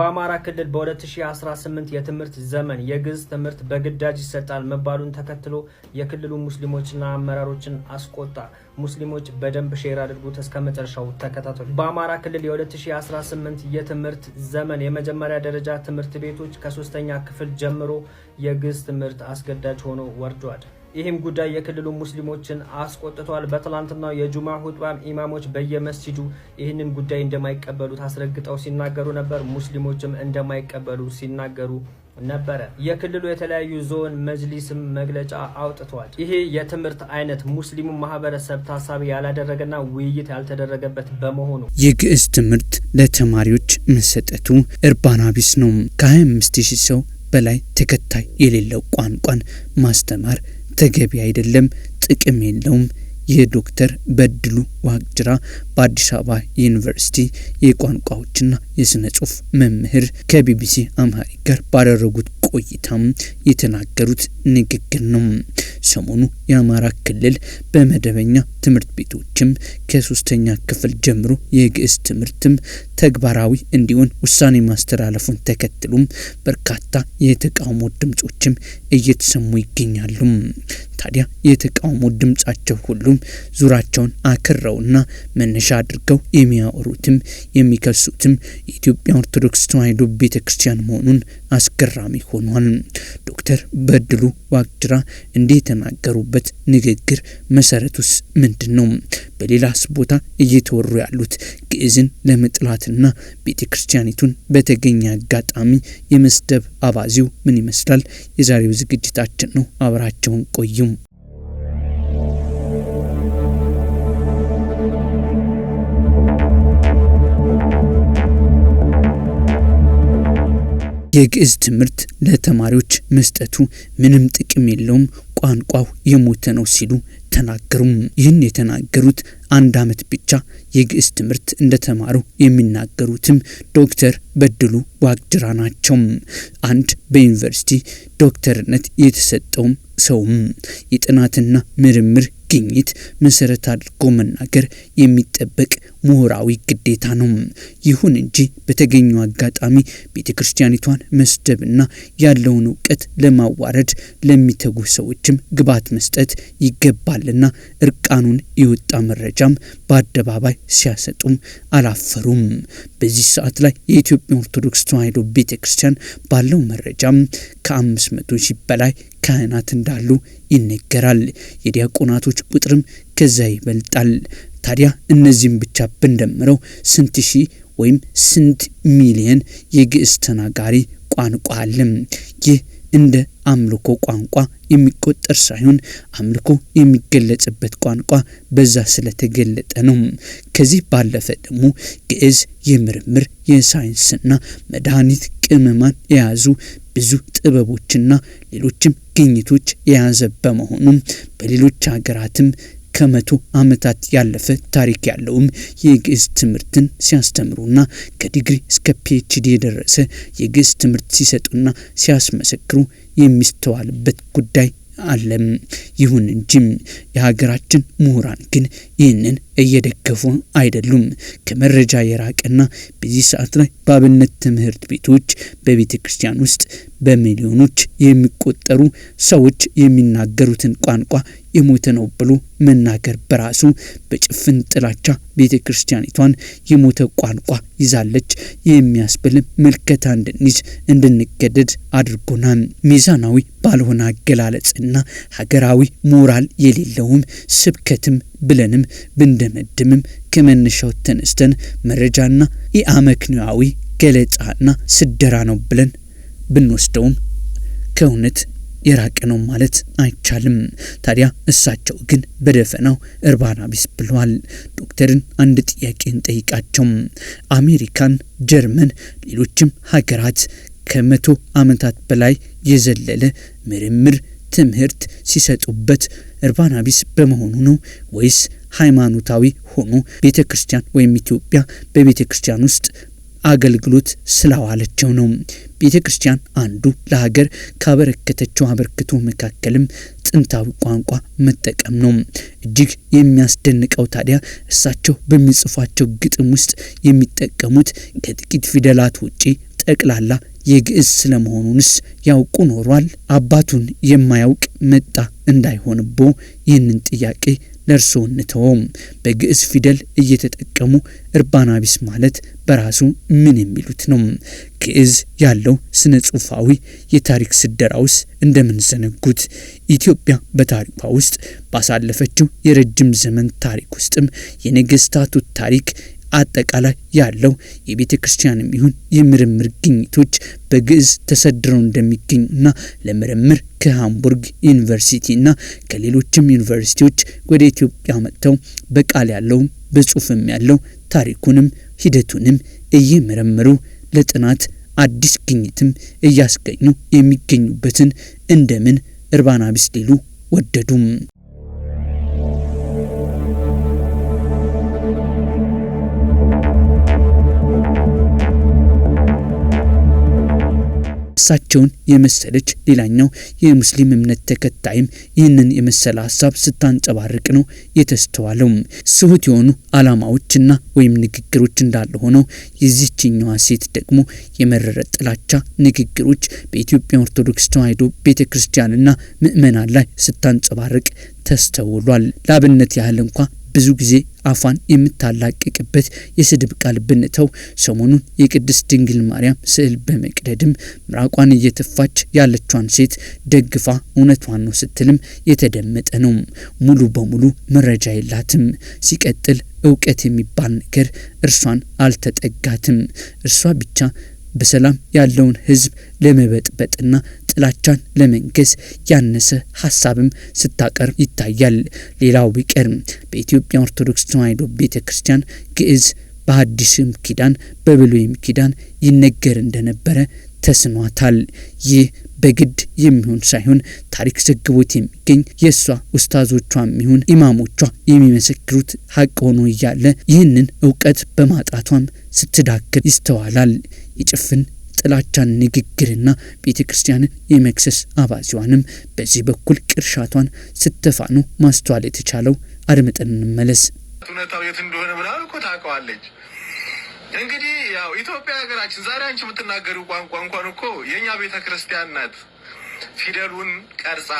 በአማራ ክልል በ2018 የትምህርት ዘመን የግዕዝ ትምህርት በግዳጅ ይሰጣል መባሉን ተከትሎ የክልሉ ሙስሊሞችና አመራሮችን አስቆጣ። ሙስሊሞች በደንብ ሼር አድርጉት እስከ መጨረሻው ተከታተሉ። በአማራ ክልል የ2018 የትምህርት ዘመን የመጀመሪያ ደረጃ ትምህርት ቤቶች ከሶስተኛ ክፍል ጀምሮ የግዕዝ ትምህርት አስገዳጅ ሆኖ ወርዷል። ይህም ጉዳይ የክልሉ ሙስሊሞችን አስቆጥቷል። በትላንትናው የጁማ ሁጥባም ኢማሞች በየመስጂዱ ይህንን ጉዳይ እንደማይቀበሉት አስረግጠው ሲናገሩ ነበር። ሙስሊሞችም እንደማይቀበሉ ሲናገሩ ነበረ። የክልሉ የተለያዩ ዞን መጅሊስም መግለጫ አውጥቷል። ይሄ የትምህርት አይነት ሙስሊሙ ማህበረሰብ ታሳቢ ያላደረገና ውይይት ያልተደረገበት በመሆኑ የግዕዝ ትምህርት ለተማሪዎች መሰጠቱ እርባናቢስ ነው። ከ25 ሺህ ሰው በላይ ተከታይ የሌለው ቋንቋን ማስተማር ተገቢ አይደለም፣ ጥቅም የለውም። የዶክተር በድሉ ዋቅጅራ በአዲስ አበባ ዩኒቨርሲቲ የቋንቋዎችና የሥነ ጽሑፍ መምህር ከቢቢሲ አምሃሪክ ጋር ባደረጉት ቆይታም የተናገሩት ንግግር ነው። ሰሞኑ የአማራ ክልል በመደበኛ ትምህርት ቤቶችም ከሶስተኛ ክፍል ጀምሮ የግዕዝ ትምህርትም ተግባራዊ እንዲሆን ውሳኔ ማስተላለፉን ተከትሎም በርካታ የተቃውሞ ድምጾችም እየተሰሙ ይገኛሉ። ታዲያ የተቃውሞ ድምጻቸው ሁሉም ዙራቸውን አክረውና መነሻ አድርገው የሚያወሩትም የሚከሱትም የኢትዮጵያ ኦርቶዶክስ ተዋሕዶ ቤተ ክርስቲያን መሆኑን አስገራሚ ሆኗል። ዶክተር በድሉ ዋቅጅራ እንዲህ የተናገሩበት ንግግር መሰረቱስ ምንድን ነው? በሌላስ ቦታ እየተወሩ ያሉት ግዕዝን ለመጥላትና ቤተ ክርስቲያኒቱን በተገኘ አጋጣሚ የመስደብ አባዜው ምን ይመስላል? የዛሬው ዝግጅታችን ነው። አብራቸውን ቆዩም። የግዕዝ ትምህርት ለተማሪዎች መስጠቱ ምንም ጥቅም የለውም፣ ቋንቋው የሞተ ነው ሲሉ ተናገሩም። ይህን የተናገሩት አንድ ዓመት ብቻ የግዕዝ ትምህርት እንደ ተማሩ የሚናገሩትም ዶክተር በድሉ ዋቅጅራ ናቸው። አንድ በዩኒቨርሲቲ ዶክተርነት የተሰጠውም ሰውም የጥናትና ምርምር ግኝት መሰረት አድርጎ መናገር የሚጠበቅ ምሁራዊ ግዴታ ነው። ይሁን እንጂ በተገኘው አጋጣሚ ቤተ ክርስቲያኒቷን መስደብና ያለውን እውቀት ለማዋረድ ለሚተጉ ሰዎችም ግብዓት መስጠት ይገባልና እርቃኑን የወጣ መረጃም በአደባባይ ሲያሰጡም አላፈሩም። በዚህ ሰዓት ላይ የኢትዮጵያ ኦርቶዶክስ ተዋሕዶ ቤተ ክርስቲያን ባለው መረጃም ከአምስት መቶ ሺህ በላይ ካህናት እንዳሉ ይነገራል። የዲያቆናቶች ቁጥርም ከዛ ይበልጣል። ታዲያ እነዚህም ብቻ ብንደምረው ስንት ሺህ ወይም ስንት ሚሊየን የግዕዝ ተናጋሪ ቋንቋ አለም። ይህ እንደ አምልኮ ቋንቋ የሚቆጠር ሳይሆን አምልኮ የሚገለጽበት ቋንቋ በዛ ስለተገለጠ ነው። ከዚህ ባለፈ ደግሞ ግዕዝ የምርምር የሳይንስና መድኃኒት ቅመማን የያዙ ብዙ ጥበቦችና ሌሎችም ግኝቶች የያዘ በመሆኑም በሌሎች ሀገራትም ከመቶ ዓመታት ያለፈ ታሪክ ያለውም የግዕዝ ትምህርትን ሲያስተምሩና ከዲግሪ እስከ ፒኤችዲ የደረሰ የግዕዝ ትምህርት ሲሰጡና ሲያስመሰክሩ የሚስተዋልበት ጉዳይ አለም። ይሁን እንጂም የሀገራችን ምሁራን ግን ይህንን እየደገፉ አይደሉም። ከመረጃ የራቀና በዚህ ሰዓት ላይ በአብነት ትምህርት ቤቶች፣ በቤተ ክርስቲያን ውስጥ በሚሊዮኖች የሚቆጠሩ ሰዎች የሚናገሩትን ቋንቋ የሞተ ነው ብሎ መናገር በራሱ በጭፍን ጥላቻ ቤተ ክርስቲያኒቷን የሞተ ቋንቋ ይዛለች የሚያስብል ምልከታ እንድንይዝ እንድንገደድ አድርጎናል። ሚዛናዊ ባልሆነ አገላለጽና ሀገራዊ ሞራል የሌለውም ስብከትም ብለንም ብንደመድምም ከመነሻው ተነስተን መረጃና የአመክንያዊ ገለጻና ስደራ ነው ብለን ብንወስደውም ከእውነት የራቀ ነው ማለት አይቻልም። ታዲያ እሳቸው ግን በደፈናው እርባና ቢስ ብሏል። ዶክተርን አንድ ጥያቄን ጠይቃቸው አሜሪካን፣ ጀርመን፣ ሌሎችም ሀገራት ከመቶ ዓመታት በላይ የዘለለ ምርምር ትምህርት ሲሰጡበት እርባና ቢስ በመሆኑ ነው ወይስ ሃይማኖታዊ ሆኖ ቤተ ክርስቲያን ወይም ኢትዮጵያ በቤተ ክርስቲያን ውስጥ አገልግሎት ስላዋለቸው ነው። ቤተ ክርስቲያን አንዱ ለሀገር ካበረከተችው አበርክቶ መካከልም ጥንታዊ ቋንቋ መጠቀም ነው። እጅግ የሚያስደንቀው ታዲያ እሳቸው በሚጽፏቸው ግጥም ውስጥ የሚጠቀሙት ከጥቂት ፊደላት ውጪ ጠቅላላ የግዕዝ ስለመሆኑንስ ያውቁ ኖሯል? አባቱን የማያውቅ መጣ እንዳይሆንቦ ይህንን ጥያቄ ለእርሶ እንተውም። በግዕዝ ፊደል እየተጠቀሙ እርባናቢስ ማለት በራሱ ምን የሚሉት ነው? ግዕዝ ያለው ስነ ጽሁፋዊ የታሪክ ስደራ ውስጥ እንደምንዘነጉት ኢትዮጵያ በታሪኳ ውስጥ ባሳለፈችው የረጅም ዘመን ታሪክ ውስጥም የነገስታቱ ታሪክ አጠቃላይ ያለው የቤተ ክርስቲያንም ይሁን የምርምር ግኝቶች በግዕዝ ተሰድረው እንደሚገኙና ለምርምር ከሃምቡርግ ዩኒቨርሲቲና ከሌሎችም ዩኒቨርሲቲዎች ወደ ኢትዮጵያ መጥተው በቃል ያለውም በጽሁፍም ያለው ታሪኩንም ሂደቱንም እየመረመሩ ለጥናት አዲስ ግኝትም እያስገኙ የሚገኙበትን እንደምን እርባና ቢስ ሊሉ ወደዱም። እሳቸውን የመሰለች ሌላኛው የሙስሊም እምነት ተከታይም ይህንን የመሰለ ሀሳብ ስታንጸባርቅ ነው የተስተዋለው። ስሁት የሆኑ አላማዎችና ወይም ንግግሮች እንዳለ ሆነው የዚችኛዋ ሴት ደግሞ የመረረ ጥላቻ ንግግሮች በኢትዮጵያ ኦርቶዶክስ ተዋሕዶ ቤተ ክርስቲያንና ምእመናን ላይ ስታንጸባርቅ ተስተውሏል። ለአብነት ያህል እንኳ ብዙ ጊዜ አፏን የምታላቅቅበት የስድብ ቃል ብንተው ሰሞኑን የቅድስት ድንግል ማርያም ስዕል በመቅደድም ምራቋን እየተፋች ያለቿን ሴት ደግፋ እውነቷን ነው ስትልም የተደመጠ ነው። ሙሉ በሙሉ መረጃ የላትም። ሲቀጥል እውቀት የሚባል ነገር እርሷን አልተጠጋትም። እርሷ ብቻ በሰላም ያለውን ህዝብ ለመበጥበጥና ጥላቻን ለመንገስ ያነሰ ሀሳብም ስታቀርብ ይታያል። ሌላው ቢቀር በኢትዮጵያ ኦርቶዶክስ ተዋሕዶ ቤተ ክርስቲያን ግዕዝ በአዲስም ኪዳን በብሉይም ኪዳን ይነገር እንደነበረ ተስኗታል። ይህ በግድ የሚሆን ሳይሆን ታሪክ ዘግቦት የሚገኝ የእሷ ውስታዞቿ የሚሆን ኢማሞቿ የሚመሰክሩት ሀቅ ሆኖ እያለ ይህንን እውቀት በማጣቷም ስትዳክር ይስተዋላል። የጭፍን ጥላቻን ንግግርና ቤተ ክርስቲያንን የመክሰስ አባዜዋንም በዚህ በኩል ቅርሻቷን ስተፋኑ ማስተዋል የተቻለው አድምጠን እንመለስ። እውነታው የት እንደሆነ ምናምን እኮ ታውቀዋለች። እንግዲህ ያው ኢትዮጵያ ሀገራችን ዛሬ አንቺ የምትናገሪው ቋንቋ እንኳን እኮ የእኛ ቤተ ክርስቲያን ናት ፊደሉን ቀርጻ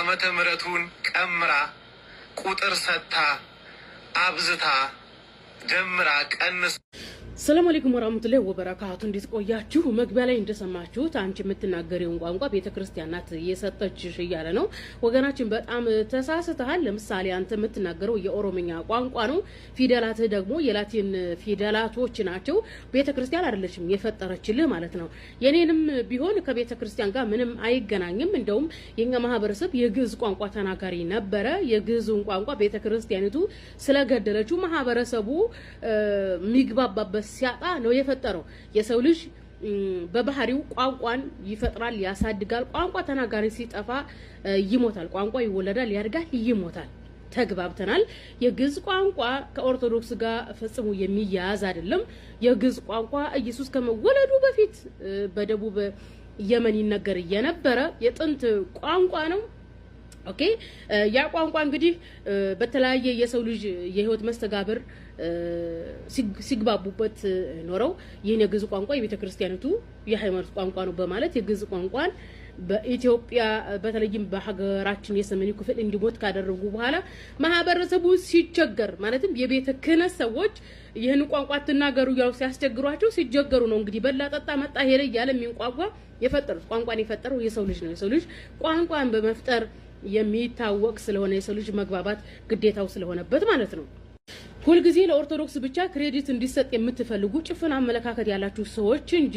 ዓመተ ምሕረቱን ቀምራ ቁጥር ሰጥታ አብዝታ ደምራ ቀንስ ሰላም አለይኩም ወራህመቱላሂ ወበረካቱ። እንዴት ቆያችሁ? መግቢያ ላይ እንደሰማችሁት አንቺ የምትናገሪውን ቋንቋ ቤተክርስቲያን ናት እየሰጠችሽ እያለ ነው። ወገናችን በጣም ተሳስተሃል። ለምሳሌ አንተ የምትናገረው የኦሮምኛ ቋንቋ ነው። ፊደላትህ ደግሞ የላቲን ፊደላቶች ናቸው። ቤተክርስቲያን አይደለችም የፈጠረችልህ ማለት ነው። የኔንም ቢሆን ከቤተክርስቲያን ጋር ምንም አይገናኝም። እንደውም የኛ ማህበረሰብ የግዕዝ ቋንቋ ተናጋሪ ነበረ። የግዕዙን ቋንቋ ቤተክርስቲያኒቱ ስለገደለችው ማህበረሰቡ የሚግባባበት ሲያጣ ነው የፈጠረው። የሰው ልጅ በባህሪው ቋንቋን ይፈጥራል፣ ያሳድጋል። ቋንቋ ተናጋሪ ሲጠፋ ይሞታል። ቋንቋ ይወለዳል፣ ያድጋል፣ ይሞታል። ተግባብተናል። የግዕዝ ቋንቋ ከኦርቶዶክስ ጋር ፈጽሞ የሚያያዝ አይደለም። የግዕዝ ቋንቋ ኢየሱስ ከመወለዱ በፊት በደቡብ የመን ይነገር የነበረ የጥንት ቋንቋ ነው። ኦኬ ያ ቋንቋ እንግዲህ በተለያየ የሰው ልጅ የህይወት መስተጋብር ሲግባቡበት ኖረው ይህን የግዝ ቋንቋ የቤተ ክርስቲያኒቱ የሃይማኖት ቋንቋ ነው በማለት የግዝ ቋንቋን በኢትዮጵያ በተለይም በሀገራችን የሰሜኑ ክፍል እንዲሞት ካደረጉ በኋላ ማህበረሰቡ ሲቸገር ማለትም የቤተ ክህነት ሰዎች ይህን ቋንቋ ትናገሩ ያው ሲያስቸግሯቸው ሲቸገሩ ነው እንግዲህ በላ ጠጣ መጣ ሄደ እያለ የሚንቋቋ የፈጠሩት ቋንቋን የፈጠረው የሰው ልጅ ነው። የሰው ልጅ ቋንቋን በመፍጠር የሚታወቅ ስለሆነ የሰው ልጅ መግባባት ግዴታው ስለሆነበት ማለት ነው። ሁልጊዜ ለኦርቶዶክስ ብቻ ክሬዲት እንዲሰጥ የምትፈልጉ ጭፍን አመለካከት ያላችሁ ሰዎች እንጂ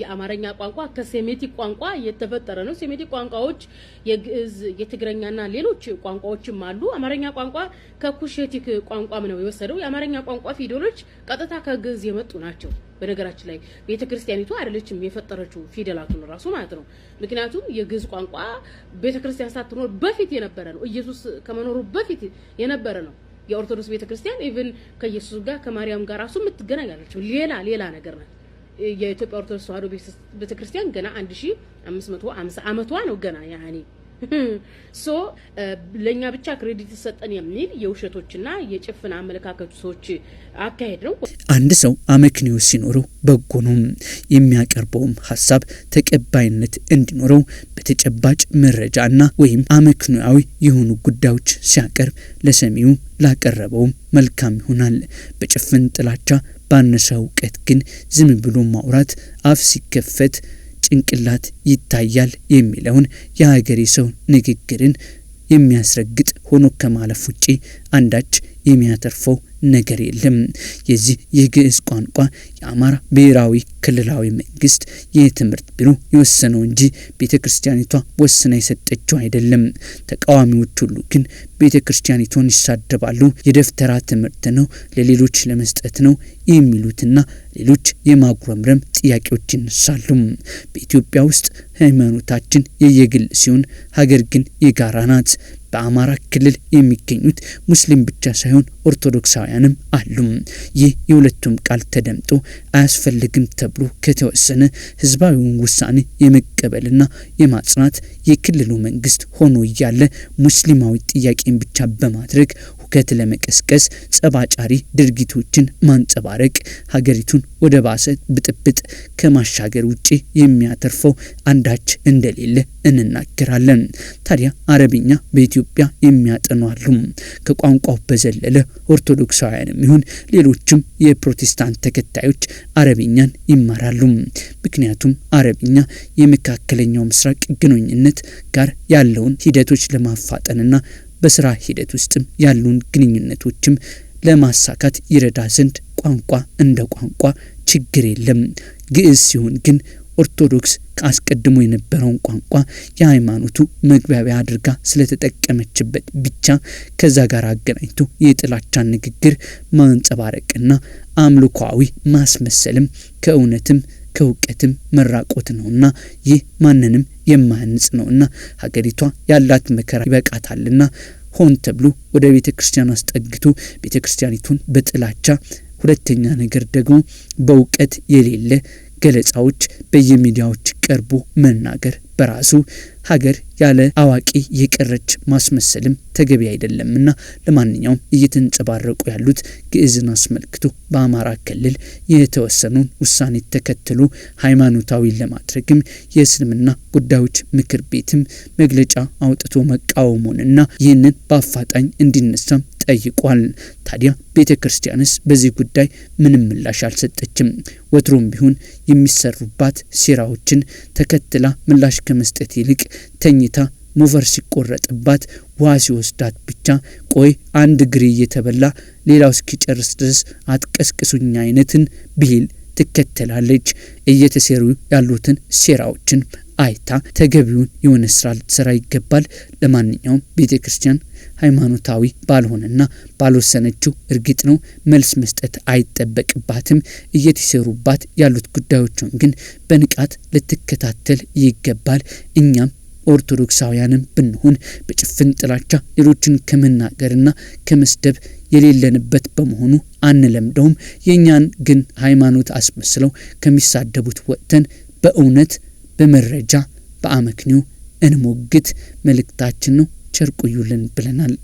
የአማርኛ ቋንቋ ከሴሜቲክ ቋንቋ የተፈጠረ ነው። ሴሜቲክ ቋንቋዎች የግዕዝ፣ የትግረኛና ሌሎች ቋንቋዎችም አሉ። አማርኛ ቋንቋ ከኩሼቲክ ቋንቋም ነው የወሰደው። የአማርኛ ቋንቋ ፊደሎች ቀጥታ ከግዕዝ የመጡ ናቸው። በነገራችን ላይ ቤተ ክርስቲያኒቱ አይደለችም የፈጠረችው ፊደላቱን ራሱ ማለት ነው። ምክንያቱም የግዕዝ ቋንቋ ቤተ ክርስቲያን ሳትኖር በፊት የነበረ ነው። ኢየሱስ ከመኖሩ በፊት የነበረ ነው። የኦርቶዶክስ ቤተክርስቲያን ኢቭን ከኢየሱስ ጋር ከማርያም ጋር ራሱ የምትገናኝ አላቸው። ሌላ ሌላ ነገር ናት። የኢትዮጵያ ኦርቶዶክስ ተዋሕዶ ቤተክርስቲያን ገና አንድ አምሳ አመቷ ነው ገና ያኔ ሶ uh, ለእኛ ብቻ ክሬዲት ይሰጠን የሚል የውሸቶችና የጭፍን አመለካከቱ ሰዎች አካሄድ ነው። አንድ ሰው አመክንዮ ሲኖረው በጎ ነው። የሚያቀርበውም ሀሳብ ተቀባይነት እንዲኖረው በተጨባጭ መረጃና ወይም አመክንያዊ የሆኑ ጉዳዮች ሲያቀርብ ለሰሚው ላቀረበውም መልካም ይሆናል። በጭፍን ጥላቻ ባነሳ እውቀት ግን ዝም ብሎ ማውራት አፍ ሲከፈት ጭንቅላት ይታያል የሚለውን የሀገሬ ሰው ንግግርን የሚያስረግጥ ሆኖ ከማለፍ ውጪ አንዳች የሚያተርፈው ነገር የለም። የዚህ የግዕዝ ቋንቋ የአማራ ብሔራዊ ክልላዊ መንግስት የትምህርት ቢሮ የወሰነው እንጂ ቤተ ክርስቲያኒቷ ወስና የሰጠችው አይደለም። ተቃዋሚዎች ሁሉ ግን ቤተ ክርስቲያኒቷን ይሳደባሉ። የደፍተራ ትምህርት ነው፣ ለሌሎች ለመስጠት ነው የሚሉትና ሌሎች የማጉረምረም ጥያቄዎች ይነሳሉ። በኢትዮጵያ ውስጥ ሃይማኖታችን የየግል ሲሆን ሀገር ግን የጋራ ናት። በአማራ ክልል የሚገኙት ሙስሊም ብቻ ሳይሆን ኦርቶዶክሳውያንም አሉ። ይህ የሁለቱም ቃል ተደምጦ አያስፈልግም ተብሎ ከተወሰነ ህዝባዊውን ውሳኔ የመቀበልና የማጽናት የክልሉ መንግስት ሆኖ እያለ ሙስሊማዊ ጥያቄን ብቻ በማድረግ ሁከት ለመቀስቀስ ጸባጫሪ ድርጊቶችን ማንጸባረቅ ሀገሪቱን ወደ ባሰ ብጥብጥ ከማሻገር ውጪ የሚያተርፈው አንዳች እንደሌለ እንናገራለን። ታዲያ አረብኛ በኢትዮጵያ የሚያጠኑ አሉ። ከቋንቋው በዘለለ ኦርቶዶክሳውያንም ይሁን ሌሎችም የፕሮቴስታንት ተከታዮች አረብኛን ይማራሉ። ምክንያቱም አረብኛ የመካከለኛው ምስራቅ ግንኙነት ጋር ያለውን ሂደቶች ለማፋጠንና በስራ ሂደት ውስጥም ያሉን ግንኙነቶችም ለማሳካት ይረዳ ዘንድ ቋንቋ እንደ ቋንቋ ችግር የለም። ግዕዝ ሲሆን ግን ኦርቶዶክስ አስቀድሞ የነበረውን ቋንቋ የሃይማኖቱ መግባቢያ አድርጋ ስለተጠቀመችበት ብቻ ከዛ ጋር አገናኝቶ የጥላቻ ንግግር ማንጸባረቅና አምልኳዊ ማስመሰልም ከእውነትም ከእውቀትም መራቆት ነውና ይህ ማንንም የማያንጽ ነውና ሀገሪቷ ያላት መከራ ይበቃታልና ሆን ተብሎ ወደ ቤተ ክርስቲያን አስጠግቶ ቤተ ክርስቲያኒቱን በጥላቻ ሁለተኛ ነገር ደግሞ በእውቀት የሌለ ገለጻዎች በየሚዲያዎች ቀርቦ መናገር በራሱ ሀገር ያለ አዋቂ የቀረች ማስመሰልም ተገቢ እና ለማንኛውም እየተንጸባረቁ ያሉት ግዕዝን አስመልክቶ በአማራ ክልል የተወሰኑን ውሳኔ ተከትሎ ሃይማኖታዊ ለማድረግም የእስልምና ጉዳዮች ምክር ቤትም መግለጫ አውጥቶ መቃወሙንና ይህንን በአፋጣኝ እንዲነሳም ጠይቋል። ታዲያ ቤተ ክርስቲያንስ በዚህ ጉዳይ ምንም ምላሽ አልሰጠችም። ወትሮም ቢሆን የሚሰሩባት ሴራዎችን ተከትላ ምላሽ ከመስጠት ይልቅ ተኝታ ሞቨር ሲቆረጥባት ውሃ ሲወስዳት ብቻ ቆይ አንድ እግሬ እየተበላ ሌላው እስኪጨርስ ድረስ አትቀስቅሱኝ አይነትን ብሂል ትከተላለች። እየተሰሩ ያሉትን ሴራዎችን አይታ ተገቢውን የሆነ ስራ ልትሰራ ይገባል። ለማንኛውም ቤተ ክርስቲያን ሃይማኖታዊ ባልሆነና ባልወሰነችው እርግጥ ነው መልስ መስጠት አይጠበቅባትም። እየተሰሩባት ያሉት ጉዳዮችን ግን በንቃት ልትከታተል ይገባል። እኛም ኦርቶዶክሳውያንም ብንሆን በጭፍን ጥላቻ ሌሎችን ከመናገርና ከመስደብ የሌለንበት በመሆኑ አንለምደውም። የእኛን ግን ሃይማኖት አስመስለው ከሚሳደቡት ወጥተን በእውነት በመረጃ በአመክንዮ እንሞግት መልእክታችን ነው። ቸር ቆዩልን ብለናል።